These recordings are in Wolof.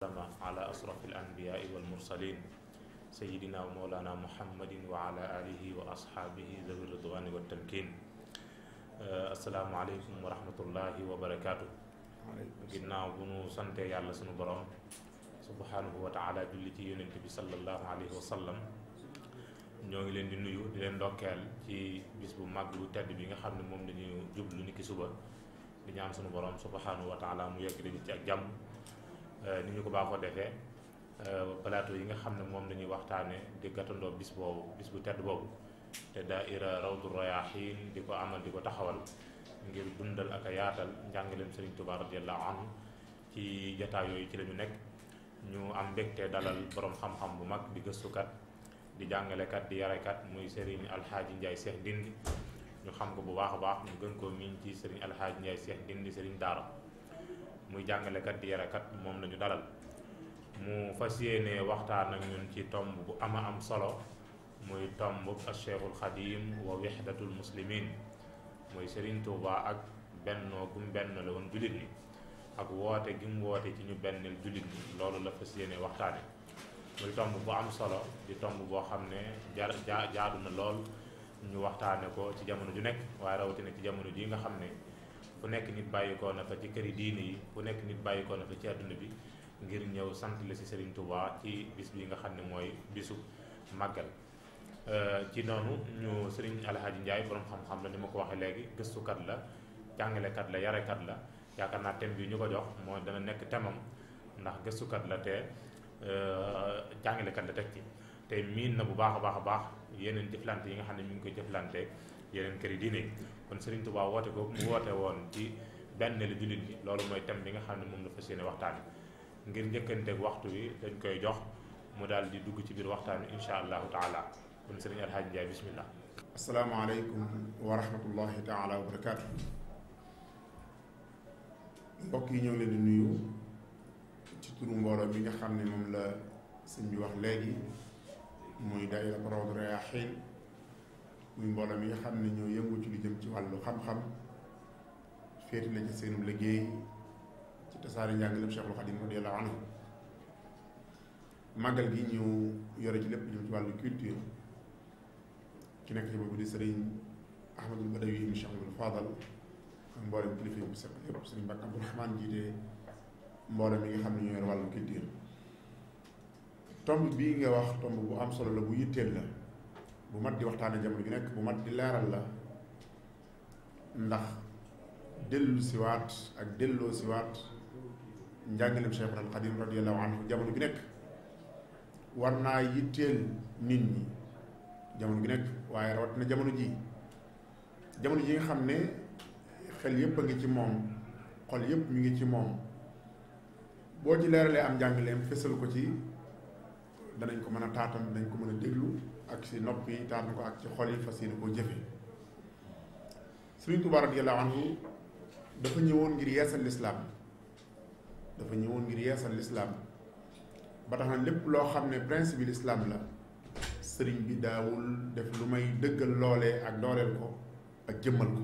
وسلم على أشرف الأنبياء والمرسلين سيدنا ومولانا محمد وعلى آله وأصحابه ذوي الرضوان والتمكين آه، السلام عليكم ورحمة الله وبركاته جنا بنو سنت يا الله سنبرم سبحانه وتعالى جلتي ينتبه صلى الله عليه وسلم ñoy leen di nuyu di leen ndokkel ci bis bu maglu tedd bi nga xamne mom dañu jublu niki suba di ñaan suñu Euh, ni ñu ko baaxoo defee euh, plateau yi nga xam ne moom la ñuy waxtaane di gàttandoo bis boobu bis bu tedd boobu te daira rawdu rayahin di ko amal di ko taxawal ngir dundal ak a yaatal njàngaleem Serigne Touba radiallahu anhu ci jataay yooyu ci la ñu nekk ñu am mbégte dalal borom xam-xam bu mag di gëstukat di jàngalekat di yarekat muy Serigne Alhaaji Ndiaye Cheikh dindi ñu xam ko bu baax a baax ñu gën koo miñ ci Serigne Alhaaji Ndiaye Cheikh dindi Serigne Daara muy jàngalekat di yarekat moom la ñu dalal mu fas yéene waxtaan ak ñun ci tomb bu ama am solo muy tomb Cheikhul Xadim wa wixdatul muslimin muy Serigne Touba ak bennoo gum benn la woon julit ni ak woote gi mu woote ci ñu benneel julit ni loolu la fas yéene waxtaane muy tomb bu am solo di tomb boo xam ne jar lool ñu waxtaane ko ci jamono ju nekk waaye rawatina ci jamono ji nga xam ne fu nekk nit bàyyikoo na fa ci këri diine yi fu nekk nit bàyyikoo na fa ci àdduna bi ngir ñëw sant la si Serigne tubaa ci bis bi nga xam ne mooy bisu màggal euh, ci noonu ñu Serigne Alhaji Ndiaye borom xam-xam la ni ma ko waxee léegi gëstukat la jàngalekat la yarekat la yaakaar naa thème bi ñu ko jox mooy dana nekk temam ndax gëstukat la te euh, jàngalekat la teg ci te miin na bu baax a baax a baax yeneen jëflante yi nga xam ne ñu ngi koy jëflante yeneen këri diine kon Serigne Touba woote ko mu woote woon ci benn lu jullit ñi loolu mooy thème bi nga xam ne moom la fas yéene waxtaan ngir njëkkanteeg waxtu wi dañ koy jox mu daal di dugg ci biir waxtaan wi incha allahu taala kon Serigne Alhaji Ndiaye bismillah. asalaamaaleykum wa bi nga xam ne moom la wax léegi muy daayira Rawdu Rayaahiin muy mbooloo mi nga xam ne ñoo yëngu ci lu jëm ci wàllu xam-xam féeti na ci seenum liggéey ci tasaare njàngaleem Cheikhul Khadim radiyallahu anhu màggal gi ñu yore ci lépp jëm ci wàllu culture ki nekk ci boobu di sëriñ Ahmadul Badawi mu Cheikh Abdul Fadal ak mboolem kilifa yi mu seq sëriñ Mbàkke Abdul Rahmaan jiite mboolem yi nga xam ne ñoo yor wàllu culture tomb bii nga wax tomb bu am solo la bu yitteel la bu mat di waxtaane jamono ji nekk bu mat di leeral la ndax dellu siwaat ak delloo siwaat njàngaleem Cheikh al Xadim radiyallahu anhu jamono ju nekk war naa yitteel nit ñi jamono ju nekk waaye rawat na jamono ji jamono ji nga xam ne xel yépp a ngi ci moom xol yépp mi ngi ci moom boo ci leeralee am njàngaleem fesal ko ci danañ ko mën a taatal danañ ko mën a déglu ak si nopp yi taatan ko ak ci xol yi fas yéene koo jëfe Sëriñ Tuubaa radiyallaahu anhu dafa ñëwoon ngir yeesal dafa ñëwoon ngir yeesal lislaam ba tax na lépp loo xam ne principe bi lislaam la sëriñ bi daawul def lu may dëggal loole ak dooreel ko ak jëmmal ko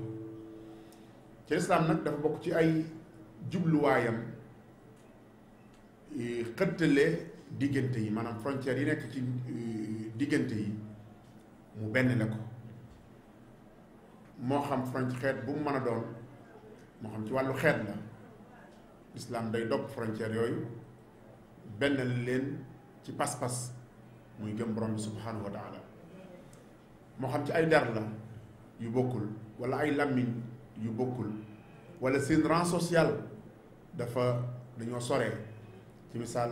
ci lislaam nag dafa bokk ci ay jubluwaayam xëttale diggante yi maanaam frontière yi nekk ci euh, diggante yi mu benn la ko moo xam frontière xeet bu mu mën a doon moo xam ci wàllu xeet la lislaam day dog frontière yooyu benn leen ci pas-pas muy gëm borom bi subhaanahu wa moo xam ci ay der la yu bokkul wala ay làmmiñ yu bokkul wala seen rang social dafa dañoo sore ci misaal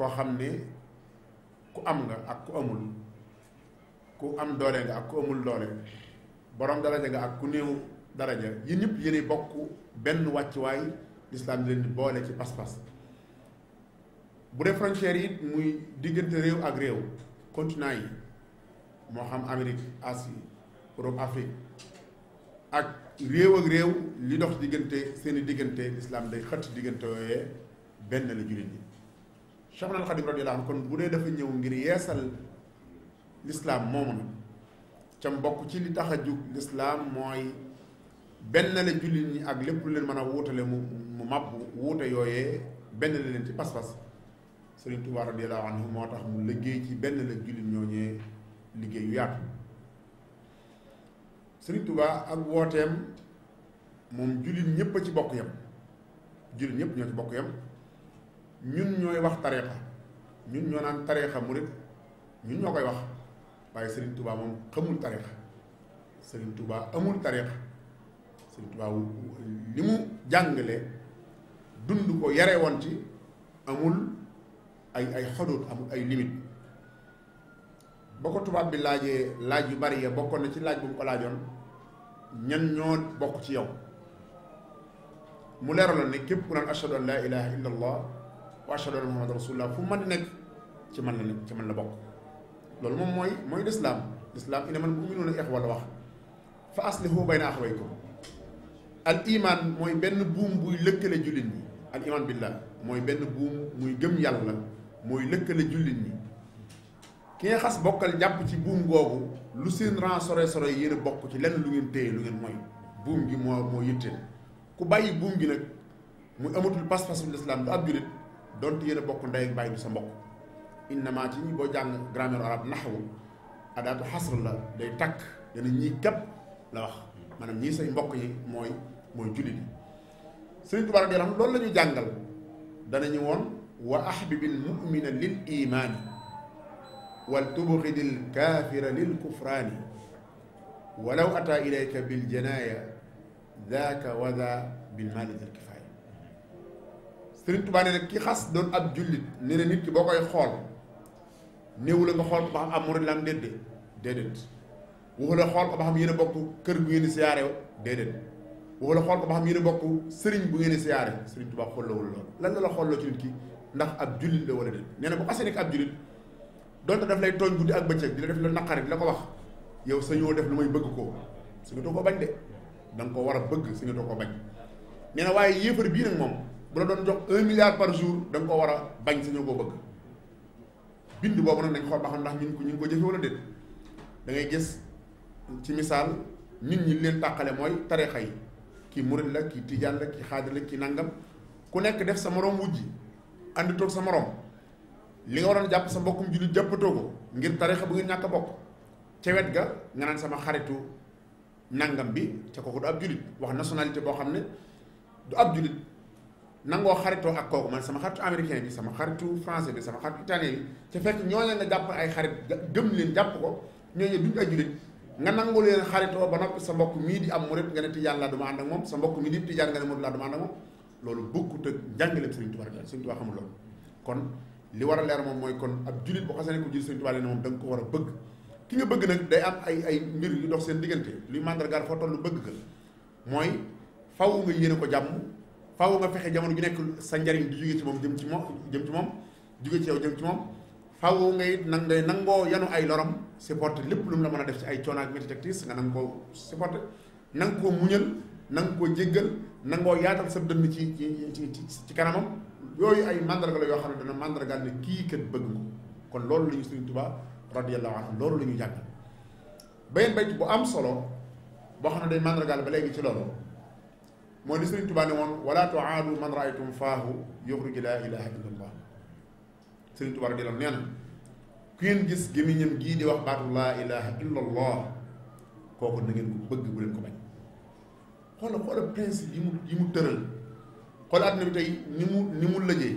koo xam ne ku am nga ak ku amul ku am doole nga ak ku amul doole borom daraja nga ak ku néew daraja yi ñëpp yéen bokk benn wàccuwaay lislaam leen boole ci pas-pas bu dee frontière yi muy diggante réew ak réew continent yi moo xam amerique Asie Europe Afrique ak réew ak réew li dox diggante seeni diggante lislaam day xëtt diggante yooyee benn la jullit ñi Cheikh al Xadim radiyallahu anhu kon bu dee dafa ñëw ngir yeesal lislaam ca mbokk ci li tax a jug lislaam benn la jullit ak lépp lu leen mën a wuutale mu mu wuute yooyee benn la leen ci pas-pas Sëriñ Tuubaa radiyallahu mu liggéey ci benn la jullit ñooñee liggéey ak wooteem moom jullit ñëpp ci bokk yam jullit ñëpp ñoo ci bokk yam ñun ñooy wax tariixa ñun ñoo naan tariixa murit ñun ñoo koy wax waaye Serigne Touba moom xamul tariixa Serigne Touba amul tariixa Serigne Touba li mu jàngale dund ko yare woon ci amul ay ay xodóot amul ay limite ba ko tubaab bi laajee laaj yu bari ya bokkoon na ci laaj bu mu ko laajoon ñan ñoo bokk ci yow mu leeraloon ne képp ku naan ashhadu laa ilaaha illallah واشهد ان محمد رسول الله فما دي نيك تي مان لا تي مان لا بوك لول موم موي موي الاسلام الاسلام ان من مؤمنون اخوه لا واخ فاصلحوا بين اخويكم الايمان موي بن بوم بوي لكل جولين ني الايمان بالله موي بن بوم موي گم يالا موي لكل جولين ني كي خاص بوكال جاب تي بوم غوغو لو سين ران سوري سوري يينا بوك تي لن لو نين تي لو نين موي بوم جي مو مو يتين كو باي بوم جي نك موي اموتول باس باس الاسلام دو ابيريت donte yéen a bokk ndey ak bàyyi sa mbokk innama ci ñi boo jàng grammaire arab naxwu adaatu xasr la day takk dana ñii képp la wax maanaam ñii say mbokk yi mooy mooy julit yi sëriñ Tuubaa radiyallaahu anhu loolu la ñu jàngal danañu woon wa ahbibil mumina lil iman wal tubghidil kafira lil kufran ولو أتى إليك بالجناية ذاك وذا بالمال daa bil Sëriñ Tuubaa nee na ki xas doon ab jullit nee na nit ki boo koy xool néewu la nga xool ko ba xam am murid la am déedéet déedéet waxu la xool ko ba xam yéen a bokk kër bu ngeen di siyaare déedéet waxu la xool ko ba xam yéen a bokk sëriñ bu ngeen di siyaare Sëriñ Tuubaa xoolawul loolu lan la la xooloo ci nit ki ndax ab jullit la wala déet nee na bu xasee nekk ab jullit donte daf lay tooñ guddi ak bëccëg di la def lu naqari di la ko wax yow sañoo def lu may bëgg ko su nga too ko bañ de da nga ko war a bëgg su nga too ko bañ nee na waaye yéefar bii nag moom bu la doon jox un milliard par jour da nga ko war a bañ sañoo koo bëgg bind boobu nag dañ xool ba xam ndax ñun ko ñu ngi ko jëfe wala déet da ngay gis ci misaal nit ñi leen tàqale mooy tarixa yi kii murit la kii tijaan la kii xaadir la kii nangam ku nekk def sa moroom wujj ànd toog sa moroom li nga waroon jàpp sa mbokkum jullit jàppatoo ko ngir tarixa bu ngeen ñàkk bokk ca wet ga nga naan sama xaritu nangam bi ca kooku du ab jullit wax nationalité boo xam ne du ab jullit nangoo xaritoo ak kooku man sama xaritu américain bi sama xaritu français bi sama xaritu italien bi ca fekk ñoo leen a jàpp ay xarit gëm leen jàpp ko ñooñu duñ ay jullit nga nangu leen xaritoo ba noppi sa mbokk mii di am murit nga ne tijaan laa duma ànd ak moom sa mbokk mii di tijaan nga ne murit laa duma ànd ak moom loolu bokkut ak njàngale Sëriñ Tuubaa Sëriñ Tuubaa xamul loolu kon li war a leer moom mooy kon ab jullit boo xasee ne ko jël Sëriñ Tuubaa leen moom da nga ko war a bëgg ki nga bëgg nag day am ay ay mbir yu dox seen diggante luy màndargaal foo tollu bëgg ka mooy faw nga yéene ko jàmm faaw nga fexe jamono ju nekk sa njariñ di jóge ci moom jëm ci moom jëm ci moom jóge ci jëm ci moom faaw ngay nang ngay nangoo yanu ay lorom supporté lépp lu mu la mën a def ci ay coono ak métti ak tiis nga nang koo supporté nang koo muñal nang koo jéggal nangoo yaatal sa dënn ci ci ci kanamam yooyu ay mandarga la yoo xam ne dana mandargaal ne kii kat bëgg nga kon loolu la ñu Sëriñ Tuubaa radiyallaahu loolu la ñu jàpp beneen bu am solo boo xam ne day mandargaal ba léegi ci loolu moy li Sëriñ Tuubaa ne won wala tu'adu man raaytum fahu yuxruj la ilaha illallah allah touba Tuubaa radiyallaahu nee ku ngeen gis gémmiñam gi di wax baatu la ilaha illallah koku na ngeen ko bëgg bu leen ko bañ xol xol prince yi mu yi mu tëral xoola àdduna bi tay ni mu ni mu lajé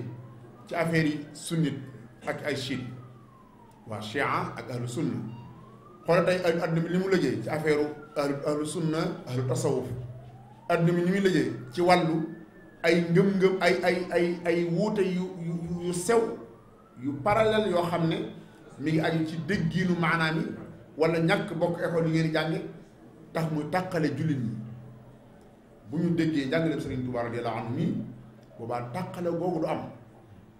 ci affaire yi sunnit ak ay chiite wa shi'a ak ahlu sunna xoola tey àdduna bi ni mu lajé ci affaire ahlu ahlu sunna ahlu tasawuf àdduna mi ni muy lëjee ci wàllu ay ngëm-ngëm ay ay ay ay wuute yu yu yu sew yu parallèle yoo xam ne mi ngi aju ci déggiinu maanaam yi wala ñàkk bokk école yi ngeen jàng tax muy tàqale jullit ñi bu ñu déggee njàngaleem Sëriñ Tuubaa radiyallaahu anhu nii boobaa tàqale googu du am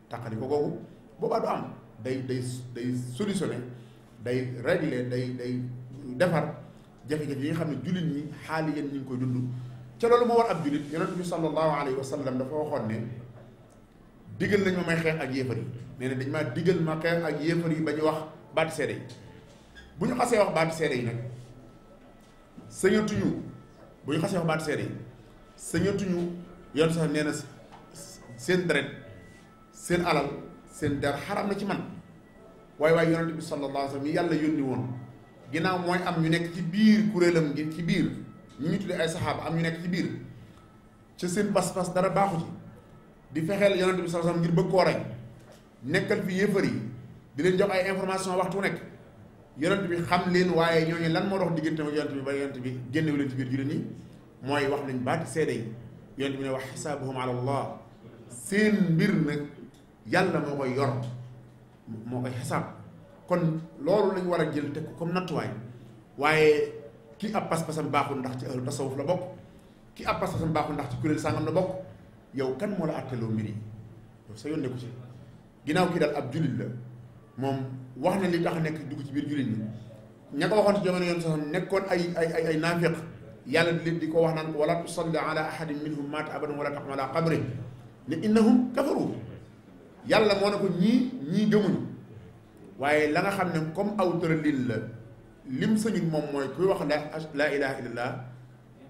tàqale ko googu boobaa du am day day day solutionné day réglé day day defar jafe-jafe yi nga xam ne jullit yi xaali yéen ñu ngi koy dund ca loolu moo war ab julit yonent bi sallallahu alayhi wa sallam dafa waxoon ne digal nañ ma may xeex ak yéefar yi nee na dañ maa digal ma xeex ak yéefar yi ba ñu wax baati seede yi bu ñu xasee wax baati seede yi nag sañatuñu bu ñu xasee wax baati seede yi sañatuñu yoon sax nee na seen deret seen alal seen der xaram na ci man waaye waaye yonent bi sallallahu alayhi wa sallam yàlla yónni woon ginnaaw mooy am ñu nekk ci biir kuréelam gi ci biir nit li ay sahaba am ñu nekk ci biir ci seen pas-pas dara baaxu ci di fexel yonent bi sallallahu alayhi wasallam ngir bëgg ko rey nekkal fi yéefar di leen jox ay information waxtu nekk yonent bi xam leen waaye ñu lan moo dox diggante ak yonent bi ba yonent bi wu leen ci biir jullit ñi mooy wax nañ baati seede yi yonent bi ne wax xisaabuhum ala allah seen mbir nag yàlla moo koy yor moo koy xisaab kon loolu lañ war a jël teg ko comme nattuwaay waaye ki ab pas-pasam baaxul ndax ci ahlu tasawuf la bokk ki ab pas-pasam baaxul ndax ci kuréel sàngam la bokk yow kan moo la àtteloo mbir yi yow sa yoon nekku ci ginnaaw kii daal ab jullit la moom wax na li tax nekk dugg ci biir jullit ñi ña ko waxoon ci jamono yoon sax nekkoon ay ay ay ay naafiq yàlla di leen di ko wax naan ko wala tusalli ala ahadin minhum maata abadan wala taqum ala qabri ne innahum kafaru yàlla moo ne ko ñii ñii gëmuñu waaye la nga xam ne comme aw tëralin la lim sañul moom mooy kuy wax la laa ilaha illallah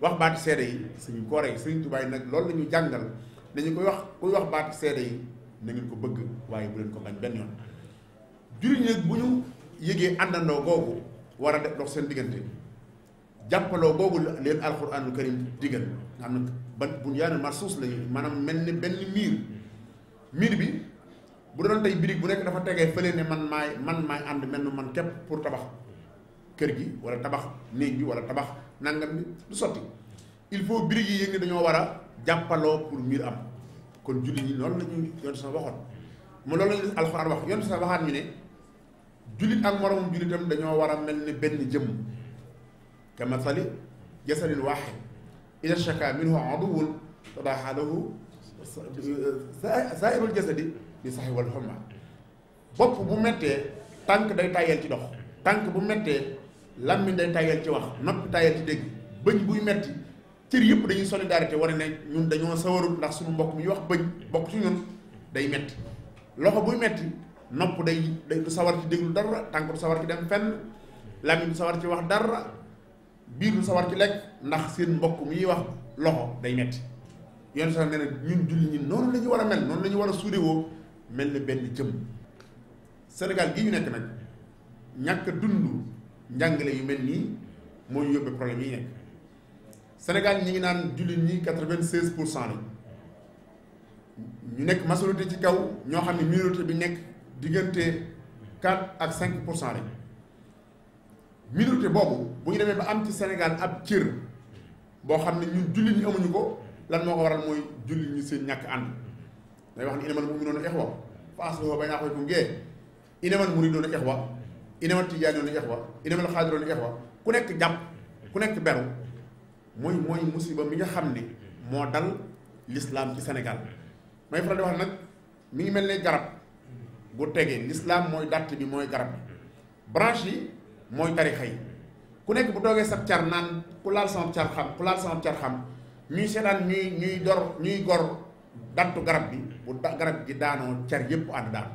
wax baati seede yi suñu koore yi Sëriñ Tuubaa yi nag loolu la ñu jàngal dañu koy wax kuy wax baati seede yi na ngeen ko bëgg waaye bu leen ko bañ benn yoon jullit bu ñu yëgee àndandoo googu war a def dox seen diggante jàppaloo googu leen alxuraanul karim diggal nga xam ne ban buñ yaana marsuus lañu maanaam mel ni benn miir miir bi bu doon tey birig bu nekk dafa tegee fële ne man maay man maay ànd mel man képp pour tabax kër gi wala tabax néeg bi wala tabax nangam bi du sotti il faut birig yi yëg ne dañoo war a jàppaloo pour mbir am kon julli ñi loolu la ñu yoon sa waxoon mu loolu lañu alxuraan wax yoon sa waxaat ñu ne jullit ak moromum jullitam dañoo war a mel ni benn jëmm ka mathali jasadin waaxid ida shaka minhu aduwun tadaaxa lahu saa'irul jasadi bi saxi wal xumma bopp bu mettee tànk day tàyyeel ci dox tànk bu mettee làmmiñ day tayal ci wax nopp tayal ci dégg bëñ buy metti cër yëpp dañuy solidarité wane ne ñun dañoo sawarul ndax suñu mbokk mi wax bëñ bokk ci ñun day metti loxo buy metti nopp day day du sawar ci déglu dara tànk du sawar ci dem fenn làmmiñ du sawar ci wax dara biir du sawar ci lekk ndax seen mbokk mi wax loxo day metti yoon sax nee na ñun julli ñi noonu la war a mel noonu la war a suudewoo mel na benn jëm Sénégal gi ñu nekk nag ñàkk dund njàngale yu mel nii mooy yóbbe problème yi nekk Sénégal ñi ngi naan jullit ñi quatre-vingt-seize pour cent la ñu nekk majorité ci kaw ñoo xam ne minorité bi nekk diggante quatre ak cinq pour cent la minorité boobu bu ñu demee ba am ci Sénégal ab cër boo xam ne ñu jullit ñi amuñu ko lan moo ko waral mooy jullit ñi seen ñàkk ànd day wax ne inamal mu'minuuna ixwa fa aslihu bayna axawaykum gee inamal muriiduuna ixwa inamal tijaanoon ixwa inamal xaadiroon ixwa ku nekk jàpp ku nekk beru mooy mooy musiba mi nga xam ne moo dal lislaam ci senegal may faral di wax nag mi ngi mel ne garab bu tegee l'islam mooy dàtt bi mooy garab branche yi mooy tarixa yi ku nekk bu toogee sab car naan ku laal sama car xam ku laal sama car xam ñuy seetaan ñuy ñuy dor ñuy gor dattu garab bi bu garab gi daanoo car yépp ànd daan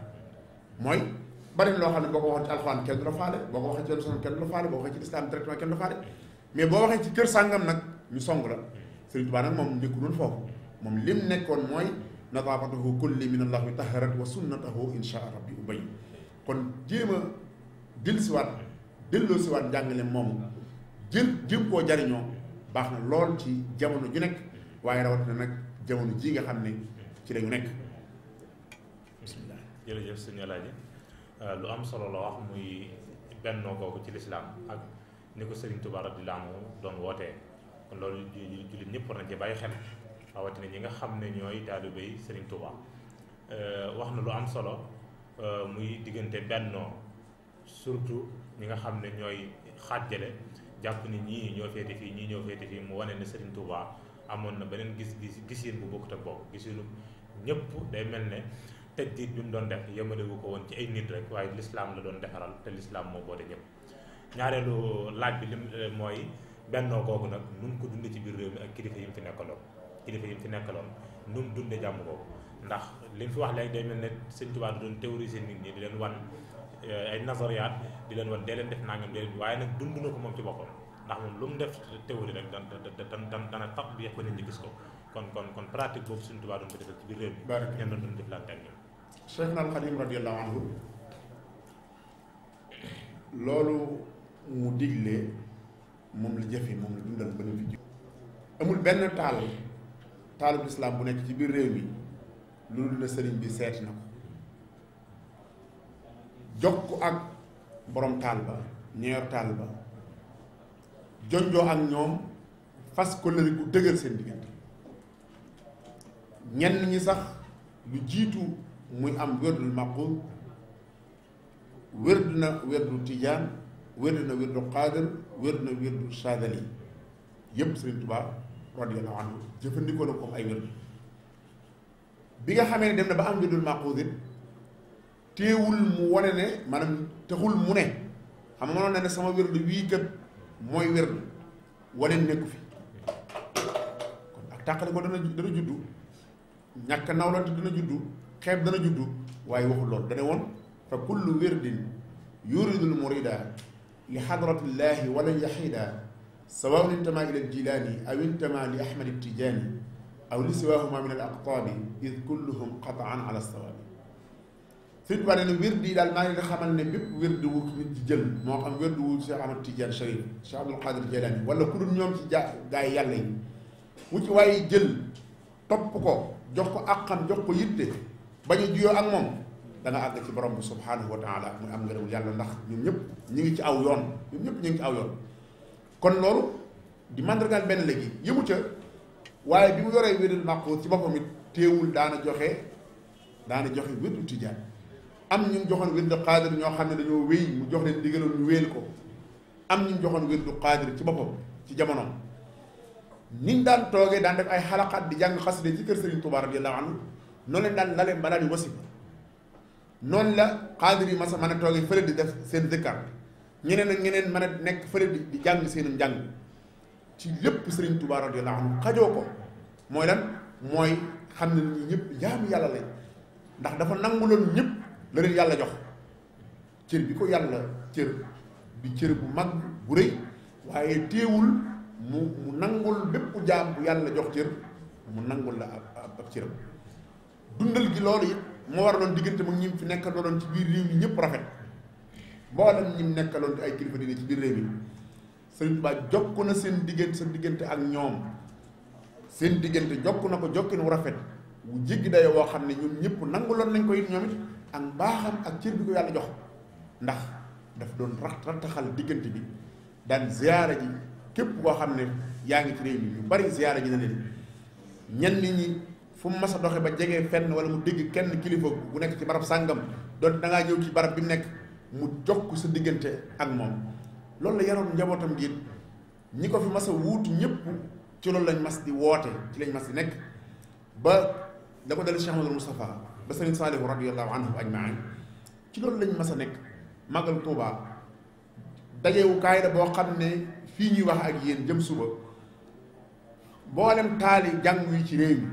mooy bari lo xamne boko waxe boo ci alxuraan kenn du la faale boko waxe waxee ci lislaam kenn du la faale boko waxe ci islam directement kenn du la faale mais bo waxe ci keur sàngam nak ñu song la serigne touba nak mom nekku doon fofu mom lim nekkon moy nadafatuhu kulli min allah tahharat wa sunnatuhu insha rabbi ubay kon jema jéem a dil siwaat ci wat jangale mom jël jéem ko jariño baxna na lool ci jamono ju nek waye rawat na nak jamono ji nga xamne ci lañu nek bismillah jeuf sëñ aladi Euh, lu am solo la wax muy bennoo googu ci lislaam ak ni ko Serigne Touba radiyallaahu anhu doon wootee kon loolu jullit ñëpp war nañ ci bàyyi xel rawatina ñi nga xam ne ñooy taalibey Serigne Touba euh, wax na lu am solo euh, muy diggante bennoo surtout ñi nga xam ne ñooy xaajale jàpp ni ñii ñoo féete fii ñii ñoo féete fii mu wane ne Serigne Touba amoon na beneen gis gis gisiin bu bokkut ak bokk gisiinu ñëpp day mel ne tëjjit bi mu doon def yemalewu ko woon ci ay nit rek waaye lislaam la doon defaral te lislaam moo boole ñëpp ñaareelu laaj bi lim euh, mooy bennoo kooku nag nu mu ko dundee ci biir réew mi ak kilifa yi mu fi nekkaloon yi fi nekkaloon nu mu dundee ndax li fi wax léegi day mel ne Sëñ Tuubaa da doon théoriser nit ñi di leen wan euh, ay nazariyaat di leen wan dee leen def nangam dee leen waaye nag dund ko moom ci boppam ndax moom lu def théorie rek dan dan dan dana tax bi yex ba nit gis ko kon kon kon pratique boobu Sëñ Tuubaa doon ci biir réew mi ñan doon doon jëflante ak ñoom Seexna al Xadim radiyallahu anhu loolu mu digle moom la jëfe moom la dundal ba ñu fi ji amul benn taal taalub lislaam bu nekk ci biir réew mi loolu la sëriñ bi seet na ko jokk ak borom taal ba ñeer taal ba jonjoo ak ñoom fas ko lëri gu dëgër seen diggante ñenn ñi sax lu jiitu muy am wérdul maqum wérdu na wérdu tijaan wérdu na wérdu xaadar wérdu na wérdu saadali yépp tubaab Tuubaa radiyallaahu anhu jëfandikoo na ko ay wérdu bi nga xamee ne dem na ba am wérdul maqus it téewul mu wane ne maanaam taxul mu ne xam nga mënoon na ne sama wérdu wii kat mooy wérdu wane nekku fi kon ak tàqale ko dana dana juddu ñàkk nawlante dana juddu xeeb dana juddu waaye waxul loolu dane woon fa kullu wirdin yuridul murida li xadratillahi walan yaxiida sawaun intama ila aljilaani aw intama li ahmad tijaani aw li siwahuma min al aqtaabi id kulluhum qataan ala sawaabi suñ tubaab nee na wird yi daal maa ngi leen xamal ne bépp wird wu nit ci jël moo xam wird wu Cheikh Ahmad Tidiane Chérif Cheikh Abdoul Qadir Jilani wala ku dul ñoom ci ja gaa yi yàlla yi wu ci waaye jël topp ko jox ko àqam jox ko yitte bañ a juyoo ak moom da àgg ci borom bi subhaanahu wa taala muy am ngërëmul yàlla ndax ñun ñëpp ñu ngi ci aw yoon ñun ñëpp ñu ngi ci aw yoon kon loolu di màndargaal benn léegi yëmu ca waaye bi mu yoree wérdul maqoos ci boppam it téewul daana joxe daana joxe wérdu tijaan am ñun joxoon wérdu qaadir ñoo xam ne dañoo wéy mu jox leen digaloon ñu wéel ko am ñun joxoon wérdu qaadir ci boppam ci jamonoom niñ daan toogee daan def ay xalaqaat di jàng xaside ci kër Serigne Touba radiyallahu anhu noonu leen daan lale mbalaani wasifa noonu la xaadir yi masa mën a toogee fële di def seen zikkar ñeneen ak ñeneen mën a nekk fële di di jàng seenu njàng ci lépp sëriñ Tuubaa radiyallaahu anhu xajoo ko mooy lan mooy xam ne ñi ñëpp jaamu yàlla lañ ndax dafa nanguloon ñëpp la leen yàlla jox cër bi ko yàlla cër bi cër bu mag bu rëy waaye téewul mu mu nangul bépp jaam bu yàlla jox cër mu nangul la ab ab cëram dundal gi loolu it moo war loon diggante mag ñi fi nekk doon ci biir yi mi ñëpp rafet mboolem ñi nekkaloon di ay kilifa diine ci biir réew mi Sëriñ Tuubaa jokk na seen diggante sa diggante ak ñoom seen diggante jokk na ko jokkin wu rafet wu jéggi dayoo woo xam ne ñoom ñëpp nanguloon nañ ko it ñoom it ak mbaaxam ak cër bi ko yàlla jox ndax daf doon rax rattaxal diggante bi daan ziyaara ji képp koo xam ne yaa ngi ci réew mi ñu bari ziyaara fu mu mas a doxe ba jege fenn wala mu digg kenn kilifa bu nekk ci barab sàngam doon da ngaa ci barab bi mu nekk mu jokk sa diggante ak moom loolu la yaroon njabootam gi ñi ko fi mas a wuutu ñëpp ci loolu lañ mas di woote ci lañ mas di nekk ba da ko dale Cheikh Amadou Moustapha ba Sëriñ Saalihu radiyallahu anhu ajmain ci loolu lañ mas a nekk màggal Tuuba dajewukaay la boo xam ne fii ñuy wax ak yéen jëm suba mboolem taali jàng yi ci réew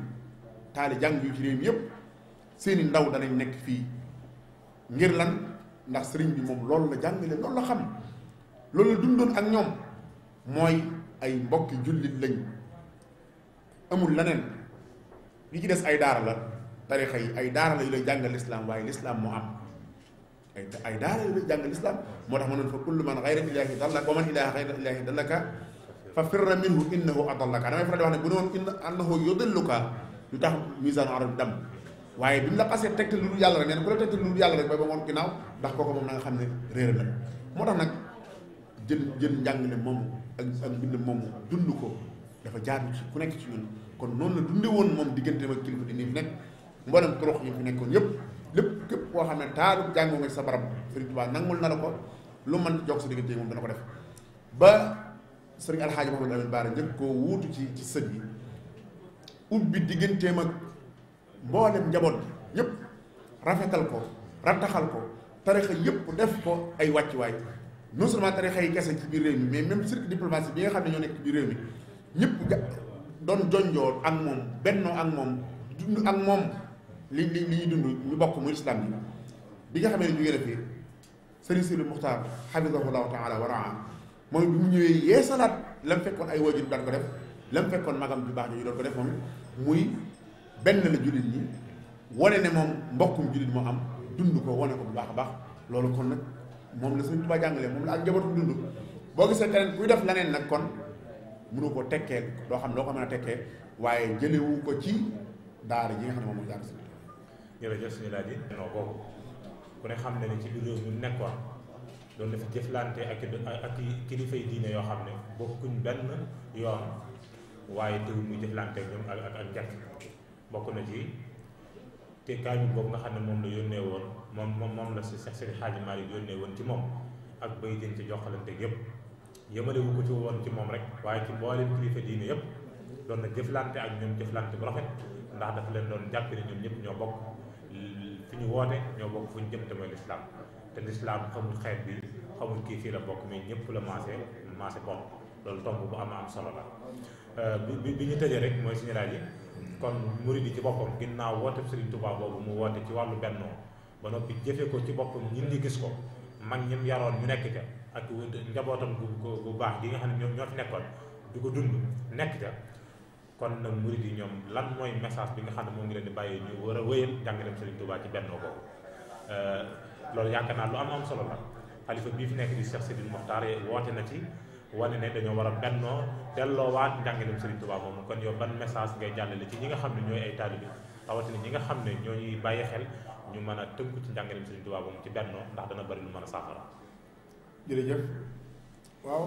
taali jàng yu ci réew mi seeni ndaw danañ nekk fii ngir lan ndax sëriñ bi moom loolu la jàngale loolu la xam loolu la dundoon ak ñoom mooy ay mbokki jullit lañ amul leneen li ci des ay daara la tarixa yi ay daara la yu lay jàngal lislaam waaye lislaam moo am ay ay daara yu lay jàngal lislaam moo tax ma noon fa kullu man xayra ilaahi dallaka wa man ilaaha xayra ilaahi dallaka fa firra innahu adallaka damay faral wax ne bu ne woon inna annahu lu tax misaan arab dam waaye bi mu la xasee tegtal lu dul yàlla rek neen na ku la tegtal lu dul yàlla rek bay ba ngoon ginnaaw ndax kooku moom na nga xam ne réer la moo tax nag jën jën njàngale moomu ak ak mbind moom dund ko dafa jaadu ci ku nekk ci ñun kon noonu la dunde woon moom diggante ak kilifa di nii fi nekk mboolem torox yi fi nekkoon yëpp lépp képp koo xam ne taaru jàngoo nga sa barab waa Tuubaa nangul na la ko lu mën jox sa diggante moom dana ko def ba Sëriñ Alxaaji Muhammad Amin Baara njëkk koo wuutu ci ci sëñ yi ubbi digganteem ak mboolem njaboot bi yëpp rafetal ko rattaxal ko tarixa yëpp def ko ay wàccuwaay non seulement tarixa yi kese ci biir réew mi mais même cirque diplomatie bi nga xam ne ñoo nekk ci biir réew mi ñëpp doon jonjoor ak moom bennoo ak moom dund ak moom li li li ñuy dund ñu bokk muy islam bi bi nga xamee ne jógee na fii sëriñ Sidi Muxtaar xafisahullahu taala wa raa mooy bi mu ñëwee yeesalaat la mu fekkoon ay waajur daan ko def la mu fekkoon magam baax ñu doon ko muy benn la jullit ñi wane ne moom mbokkum jullit moo am dund ko wane ko bu baax a baax loolu kon nag moom la Sëriñ Tuubaa jàngalee moom la ak njabootu dund boo gisee keneen kuy def leneen nag kon mënu ko tekkee doo xam ne loo mën a tekkee waaye jëlewu ko ci daara ji nga xam ne moom mooy daara xam ne ne ci biir réew mi nekkoon doon dafa ak ak kilifay yi diine yoo xam ne bokkuñ benn yoon waaye teew muy jëflante ak ñoom ak ak ak bokk na ci te kaamil boobu nga xam ne moom la yónnee woon moom moom la si Seex Seydi Xaaji Maalik yónnee woon ci moom ak bay jën ci joxalante yëpp yëmale ci woon ci moom rek waaye ci mboolem kilifa diine yëpp doon na jëflante ak ñoom jëflante bu rafet ndax dafa leen doon jàpp ne ñoom ñëpp ñoo bokk fi ñu woote ñoo bokk fu ñu jëm te mooy lislaam te lislaam xamul xeet bi xamul kii fii la bokk mais ñëpp la maase maase bokk loolu tomb bu am am solo la Euh, bi bi bi ñu tëjee rek mooy suñu laaj yi kon murid yi ci boppam ginnaaw woote Serigne tubaab boobu mu woote ci wàllu bennoo ba noppi jëfe ko ci boppam ñun ñi gis ko mag ñim yaroon mu nekk ca ak njabootam bu bu baax gi nga xam ne ñoom ñoo fi nekkoon di ko dund nekk ca kon nag murid yi ñoom lan mooy message bi nga xam ne moo ngi leen di bàyyi ñu war a wéyal jàngaleem Serigne Touba ci bennoo boobu euh, loolu yaakaar naa lu am am solo la xalifa bii fi nekk di Cheikh Sidil Mokhtar woote na ci wane ne dañoo war a bennoo delloowaat njàngaleem Serigne Touba moomu kon yow ban message ngay jàllale ci ñi nga xam ne ñooy ay taalibe rawatina ñi nga xam ne ñoo ñuy bàyyi xel ñu mën a tënku ci njàngaleem Serigne Touba moom ci bennoo ndax dana bari lu mën a saafara. jërëjëf waaw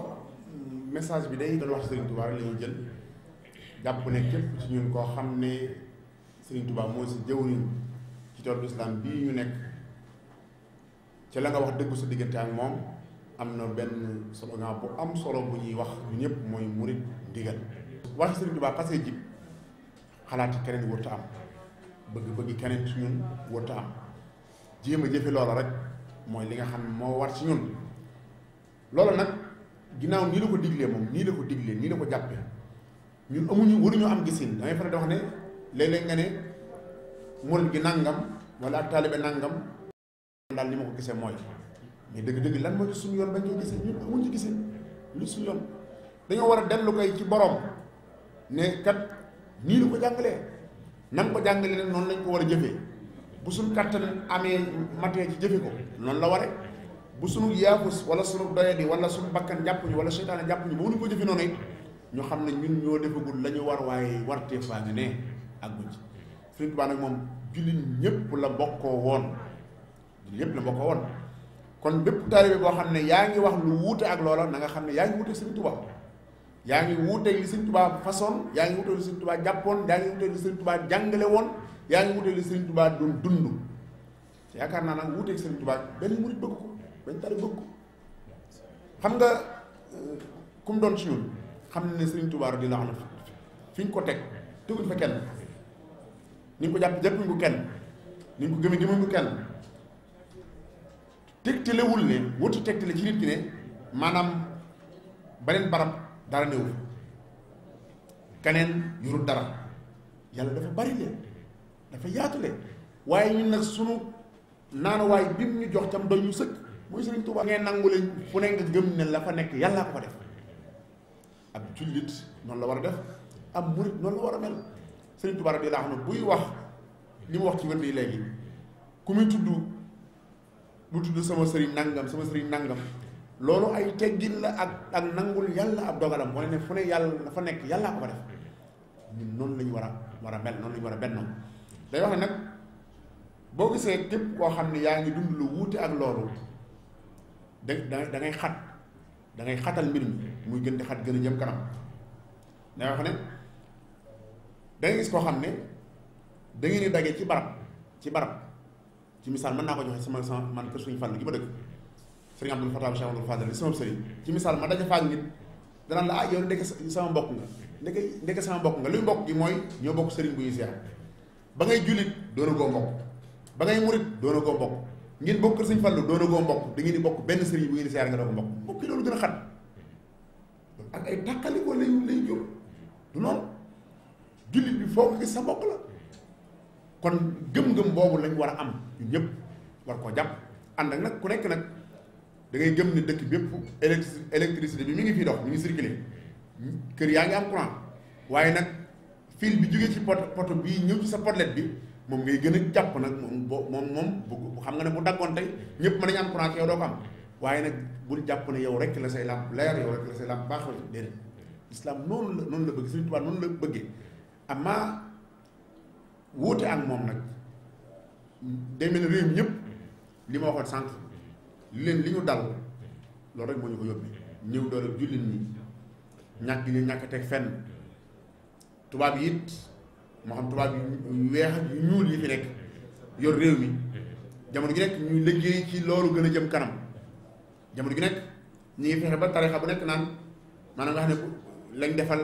message bi day doon wax Serigne Touba rek la ñuy jël jàpp ne képp ci ñun koo xam ne Serigne Touba moo si jëwriñ ci toolu islam bii ñu nekk ci la nga wax dëggu sa diggante ak moom. am na benn slogan bu am solo bu ñuy wax ñu ñëpp mooy murit ndigal wax Sëriñ Tuubaa xasee jib xalaat yi keneen warta am bëgg-bëgg keneen ci ñun warta am jéem a jëfe loola rek mooy li nga xam ne moo war ci ñun loola nag ginnaaw nii la ko diglee moom nii la ko diglee nii la ko jàppe ñun amuñu waruñu am gisin damay faral di wax ne léeg nga ne murit gi nangam wala ak taalibe daal ni ma ko gisee mooy mais dëgg-dëgg lan mooy suñu yoon bañ koy gisee ñun amuñ ci gisee lu suñu yoon dañoo war a dellu koy ci borom ne kat nii la ko jàngalee nan ko jàngalee ne noonu lañ ko war a jëfee bu suñu kattan amee matee ci jëfe ko noonu la waree bu suñu yaafus wala suñu doyadi wala suñu bakkan jàpp ñu wala seytaane jàpp ñu ba mënuñ ko jëfe noonu it ñu xam ne ñun ñoo defagul la ñu war waaye wartee faa ngi ne ak guñ ci nag moom jullit ñëpp la bokkoo woon jullit ñëpp la bokkoo kon bépp taalibe boo xam ne yaa ngi wax lu wuute ak loola na nga xam ne yaa ngi wuute Sëriñ Tuubaa yaa ngi wuute li Sëriñ tubaab façon yaa ngi wuute li Sëriñ Tuubaa jàppoon yaa ngi wuute li Sëriñ Tuubaa jàngale woon yaa ngi wuute li Sëriñ Tuubaa doon dund yaakaar naa nag wuuteeg Sëriñ Tuubaa benn murit bëgg ko benn taalibe bëggu ko xam nga euh, ku doon ci ñun xam ne Sëriñ Tuubaa di la wax fi ñu ko teg teguñ fa kenn ni ñu ko jàpp jàppuñ ko kenn ni ñu ko gëmee gëmuñ ko kenn tegtalewul ne wërtu tegtale ci nit ki ne maanaam beneen barab dara néew keneen yurut dara yàlla dafa bari le dafa yaatu le waaye ñun nag sunu naanuwaay bi mu ñu jox tam doy ñu sëkk mooy seen Tuubaa ngeen nangu leen fu nekk nga gëm ne la fa nekk yàllaa ko fa def ak jullit noonu la war a def ab murit noonu la war a mel Sëriñ Tuubaa radiyallaahu anhu buy wax li mu wax ci wér yi léegi ku muy tudd mu tudd sama sëriñ nangam sama sëriñ nangam loolu ay teggin la ak ak nangul yàlla ab dogalam wane ne fu ne yàlla dafa nekk yàllaa ko ko def ñun noonu la war a war a mel noonu la ñu war a bennoo day wax ne nag boo gisee képp koo xam ne yaa ngi lu wuute ak loolu da da ngay xat dangay xatal mbir mi muy gën di xat gën a jëm kanam day wax ne da gis koo xam ne da ngeen di daje ci barab ci barab. ci misaal mën naa ko joxe sama sama man kër suñu fànn gi ma dëkk sëriñ Abdul Fatah Cheikh Abdul Fadal sama sëriñ ci misaal ma daja faak nit danaan la ah yow ndeke sama mbokk nga ndeke ndeke sama mbokk nga luy mbokk gi mooy ñoo bokk sëriñ bu ñu seer ba ngay jullit doona goo mbokk ba ngay murit doona goo mbokk ngeen bokk kër suñu fànn doona goo mbokk da ngeen di bokk benn sëriñ bu ngeen di seer nga doo ko mbokk mbokk loolu gën a xat ak ay tàqalikoo lay lay jur du noonu jullit bi foo ko gis sa mbokk la kon gëm-gëm boobu lañ war a am ñun ñëpp war koo jàpp ànd ak nag ku nekk nag da ngay gëm ne dëkk bépp électri électricité bi mi ngi fi dox mi ngi circulé kër yaa ngi am courant waaye nag fil bi jógee ci pot poto bii ñëw ci sa porlet bi moom ngay gën a jàpp nag moom moom moom bu xam nga ne bu daggoon tey ñëpp mën nañu am courant yow doo ko am waaye nag bul jàpp ne yow rek la say làmp leer yow rek la say làmp baaxul déedéet islam noonu la noonu la bëgg Sëriñ Tuubaa noonu la bëggee amaa wuute ak moom nag day mel ne réew mi ñëpp li ma waxoon sant li leen li ñu dal loolu rek moo ñu ko yóbbee ñëw doole jullit ñi ñàkk gi ñu ñàkk a teg fenn tubaab yi it moo xam tubaab yu weex ak yu ñuul yi fi nekk yor réew mi jamono gi nekk ñu liggéey ci loolu gën a jëm kanam jamono gi nekk ñu ngi fexe ba tarixa bu nekk naan maanaam nga xam ne lañ defal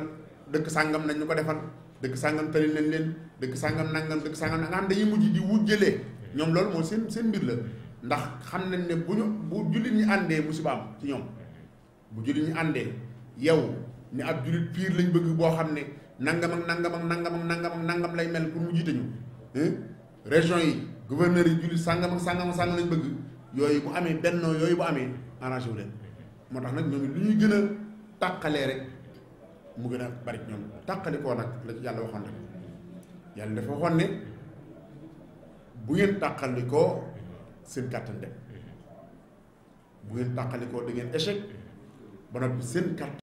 dëkk sàngam nañ ñu ko defal dëkk sàngam tëlil nañ leen dëkk sàngam nangam dëkk sàngam nga xam dañuy mujj di wujjalee ñoom loolu moo seen seen mbir la ndax xam nañ ne bu bu jullit ñi àndee musiba am ci ñoom bu jullit àndee yow ne ab jullit piir lañ bëgg boo xam ne nangam ak nangam ak nangam ak nangam ak nangam lay mel pour mu jiite ñu région yi gouverneur yi jullit sàngam ak sàngam ak sàngam lañ bëgg yooyu bu amee bennoo yooyu bu amee arrangé wu leen moo tax nag ñoom lu ñuy gën a tàqalee rek mu gën a bari ñoom tàqali koo nag la ci yàlla waxoon rek yàlla dafa waxoon ne bu ngeen tàqalikoo seen kàttan dem mm-hmm. bu ngeen tàqalikoo da ngeen échec mm-hmm. ba noppi seen kàttan